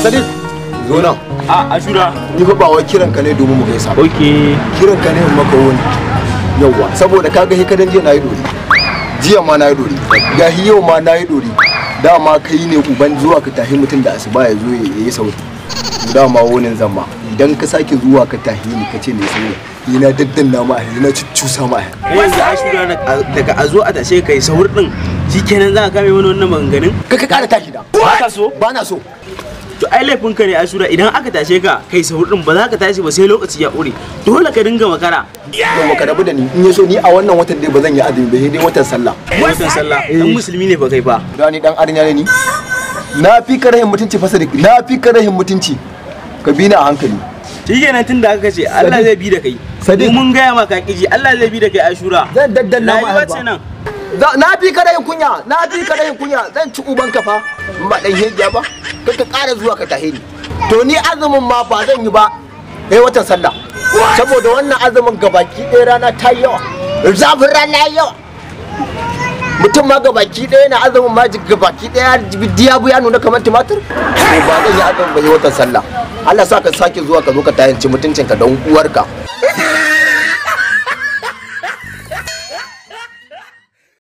sadiq zo nan a ashura ni fa ba wai kiran ka ne domin mu gaisa Oke. kiran ka ne maka wani yawa saboda kaga he kadan jiya na yi dori jiya ma na yi dori hi yau ma na yi dori dama kai ne uban zuwa ka tafi mutum da asuba ya zo ya yi sauti dama wunin zama idan ka sake zuwa ka tahi ka ce ni sauyi yana na ma yana cuccusa ma wanda a shura daga a zo a tashe kai sahur din shikenan za ka kame wani wannan maganganun ka ka kara tashi da ba ka so ba na so to ai laifin ka ne shura idan aka tashe ka kai sahur din ba za ka tashi ba sai lokaci ya ƙure dole ka dinga makara don maka rabu da ni in yaso ni a wannan watan dai ba zan yi azumi ba sai dai watan sallah watan sallah dan eh. musulmi ne ba kai ba dani ni dan arnya ne ni na fi karahin mutunci fasa na fi karahin mutunci ka bi ni a hankali shi kenan tun da aka ce Allah zai bi da kai sadiq mun gaya maka kiji Allah zai bi da kai ashura zan daddalla ma haifa nan na fi ka da kunya na fi ka da kunya zan ci uban ka fa ba dan hejiya ba ka ka ƙara zuwa ka ni to ni azumin ma ba zan yi ba eh watan sallah saboda wannan azumin gabaki ɗaya rana ta yawa zafin rana yawa mutum ma ga baki ɗaya na azumin ma ga baki ɗaya bu ya nuna kamar tumatir ba zan yi azumin bai watan sallah Allah sa ka sake zuwa ka zo ka tayanci mutuncinka don uwarka